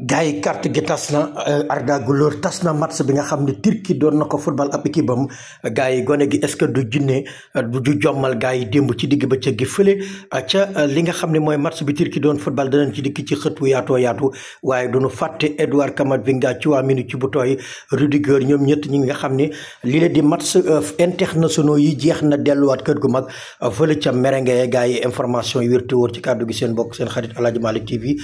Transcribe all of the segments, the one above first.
gars yi carte gi tas na euh, Arda Güler tas na match bi nga xam ne Turquie doon na ko football ab équipe am gars gone gi est-ce que du jinne euh, du jommal gars yi démb ci digg ba bëccëg gi fële euh, ca li nga xam ne mooy match bi Turquie doon football danañ ci dikk ci xëtu yaatoo yaatu waaye duñu fàtte Edouard Camavinga ci waa minu ci bu tooy Rudiger ñoom ñett ñi nga xam ne li la di match internationaux yi jeex na delluwaat kër gu mag fële ca merengue gars yi information yi ci kàddu gi seen bokk seen xarit Aladji Malick TV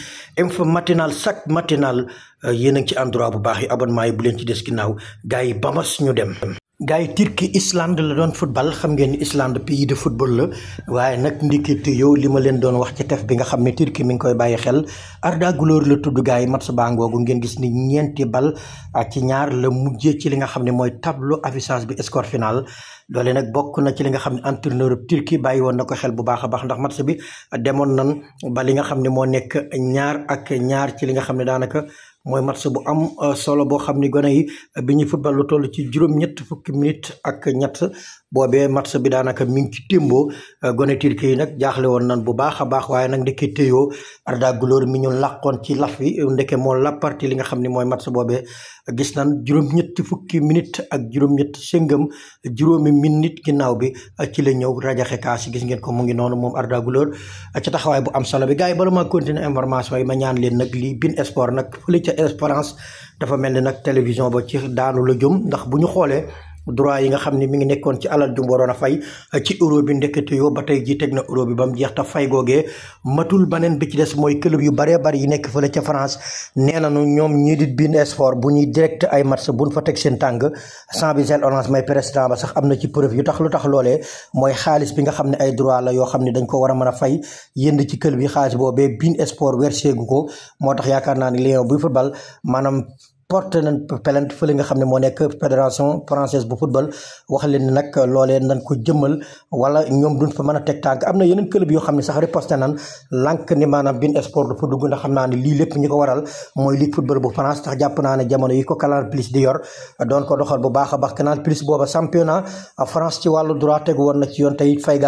fàtte naal euh, yéen a ngi ci endroit bu baax yi abonnement yi bu leen ci des ginnaaw gars yi bamas ñu dem. gars yi Turquie Islande la doon football xam ngeen ni Islande pays de football la waaye nag ndikit yow li ma leen doon wax ci tef bi nga xam ne Turquie mi ngi koy bàyyi xel Arda Güler la tudd gars yi match baa ngoogu ngeen gis ni ñeenti bal ak ci ñaar la mujjee ci li nga xam ne mooy tableau affichage bi score final. loole nag bokk na ci li nga xam ne entraîneur turki bàyyi woon na ko xel bu baax a baax ndax match bi demoon nan ba li nga xam ne moo nekk ñaar ak ñaar ci li nga xam ne daanaka mooy match bu am euh, solo boo xam ne gone yi bi ñuy football lu toll ci juróom-ñett fukki minutes ak ñett boobee match bi daanaka mi ngi ci témboo euh, gone turki yi nag jaaxle woon nan bu baax a baax waaye nag ndeke téyoo Arda Güler mi ñu làqoon ci laf wi ndeke moo la parti li nga xam ne mooy match boobee gis nan juróom-ñetti fukki minit ak juróom-ñetti séngam juróomi ki naaw bi euh, ci la ñëw rajaxe kaas gis ngeen ko mu ngi noonu moom a Güler euh, ci taxawaay bu am solo bi gars yi bala ma continuer information yi ma ñaan leen nag lii bin sport nag fële ca espérance dafa mel ni nag télévision ba ci daanu la jëm ndax droit yi nga xam ne mi ngi nekkoon ci alal ju mu waroon a fay eh, ci euro bi ndekete yoo ba tey ji teg na euro bi ba mu jeex te fay googee matul baneen bi ci des mooy club yu baree bari yi nekk fële ca France nee nañu ñoom ñii di bin sport bu ñuy direct ay match buñ fa teg seen tàng sans bisel orange may président ba sax am na ci preuve yu tax lu tax loolee mooy xaalis bi nga xam ne ay droit la yoo xam ne dañ ko war a mën a fay yénd ci club bi xaalis boobee bin sport werseegu ko moo tax yaakaar naa ni Lyon buy football maanaam porte nañ plainte fële nga xam ne moo nekk fédération française bu wax leen ne nag loolee ko jëmmal wala ñoom duñ fa mën a teg tànk am na yeneen club yoo xam ne sax riposte nan lànk ne maanaam bin sport dafa dugg ndax xam naa ne lii lépp ñi ko waral mooy ligue football bu France tax jàpp naa ne jamono ko Canal Plus di yor doon ko doxal bu baax a baax Canal Plus booba championnat France ci wàllu droit tegu woon na ci yoon tey fay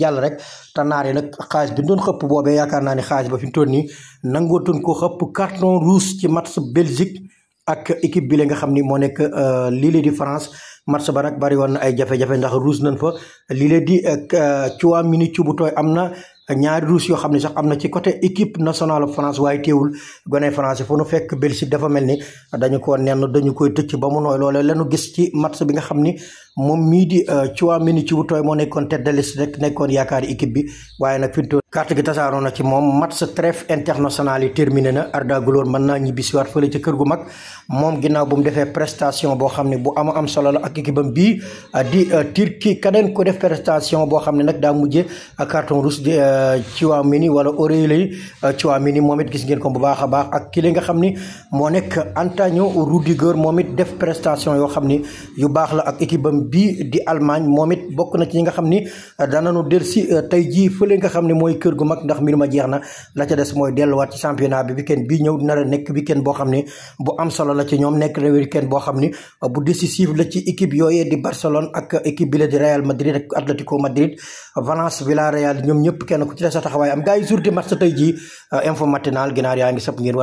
gaa yàlla rek te naar yi nag xaalis bi doon xëpp boobee yaakaar naa ne xaalis ba fi mu toll nii nangootuñ ko xëpp carton rouge ci match Belgique ak équipe bi nga xam ni moo nekk euh, lii di France match ba nag bari woon na ay jafe-jafe ndax rouge nañ fa lii di euh, euh, Tchouaméni Thiouboutin am na ñaari rouge yoo xam ne sax am na ci côté équipe nationale France waaye teewul gone France fu nu fekk Belgique dafa mel ni dañu ko nenn dañu koy tëcc ba mu nooy loolee bi nga xam moom mii di Tchouaméni euh, Thioutoye moo nekkoon tête de liste rek nekkoon yaakaar équipe bi waaye nag fi mu toll carte gi tasaaroo na ci moom match trêve international yi terminé na Arda Güler mën naa ñibbisiwaat fële ca gu mag moom ginnaaw bu mu defee prestation boo xam ne bu ama am solo la ak équipe am bii euh, di euh, Turquie keneen ko def prestation boo xam ne nag daa mujje carton rouge di Tchouaméni wala Aurélien Tchouaméni moom it gis ngeen ko bu baax a baax ak ki li nga xam ni moo nekk Antonio Rudiger moom it def prestation yoo xam ni yu baax la ak équipe bii di Allemagne moom it bokk na ci ñi nga xam ni euh, daananu del si euh, tey jii fële xam ne mooy kër gu mag ndax mbir ma jeex na la ca des mooy delluwaat ci championnat bi weekend ñëw nar a nekk weekend boo xam ne bu am solo la ci ñoom nekk na weekend boo xam ni euh, bu décisif la ci équipe ku ci la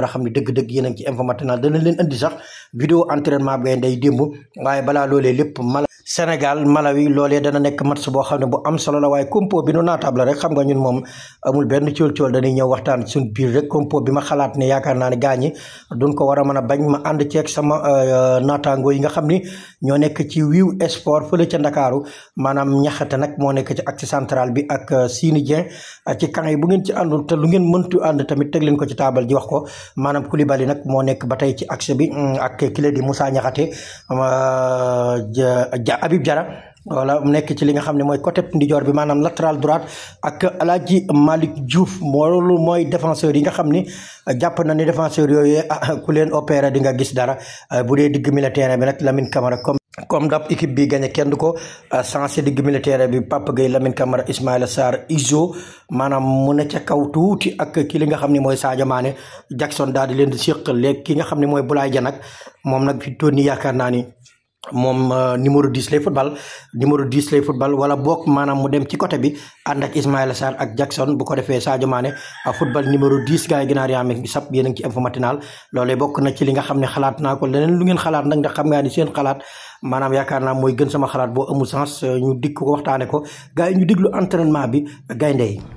sa dëgg-dëgg yéen ci info matinal leen indi sax vidéo entraînement bi day démb waaye balaa loolee lépp Sénégal Malawi loolee dana nekk match boo xam ne bu am solo la waaye compo bi nu naataable rek xam nga ñun moom amul benn cool-cool dañuy ñëw waxtaan suñ biir rek compo bi ma xalaat ne yaakaar naa ne gaañi duñ ko war a mën a bañ ma ànd ceeg sama euh, naataango yi nga xam ni ñoo nekk ci wiw sport fële ca Ndakaaru maanaam ñaxate nag moo nekk ci axe central bi ak euh, Sini Dieng euh, ci kan yi bu ngeen ci àndul te lu ngeen mëntu ànd tamit teg leen ko ci taabal ji wax ko maanaam Koulibaly nag moo nekk ba tey ci axe bi mm, ak kile di Moussa Niakhaté Habib Diarra voilà mu nekk ci li nga xam ne mooy côté ndijoor bi maanaam latéral droite ak Alaaji Malick Diouf loolu mooy défenseur yi nga xam ni jàpp na ni défenseur yooyu ah, ku leen opéré di nga gis dara bu dee digg militaire bi nag Lamine Camara comme comme dap équipe bi gagné kenn du ko sensé digg militaire bi Pape Gueye Lamine Camara Ismaïla Sarr Iso maanaam mu ne ca kaw tuuti ak ki li nga xam ne mooy Sadio maane Jackson daal di leen di séq léegi ki nga xam ne mooy Boulaye Dia moom nag fi toon ni yaakaar naa ni moom euh, numéro 10 lay football numéro 10 lay football wala bokk maanaam mu dem ci côté bi ànd ak Ismaïla Sarr ak Jackson bu ko defee Sadio Mané euh, football numéro 10 gars yi gënaar yaa ngi sab yéen a ngi ci info matinal bokk na ci li nga xam ne xalaat naa ko leneen lu ngeen xalaat nag ndax xam ngaa ni seen xalaat maanaam yaakaar naa mooy gën sama xalaat boo amul sens euh, ñu dikk ko waxtaane ko gars yi ñu diglu entraînement bi gaynde yi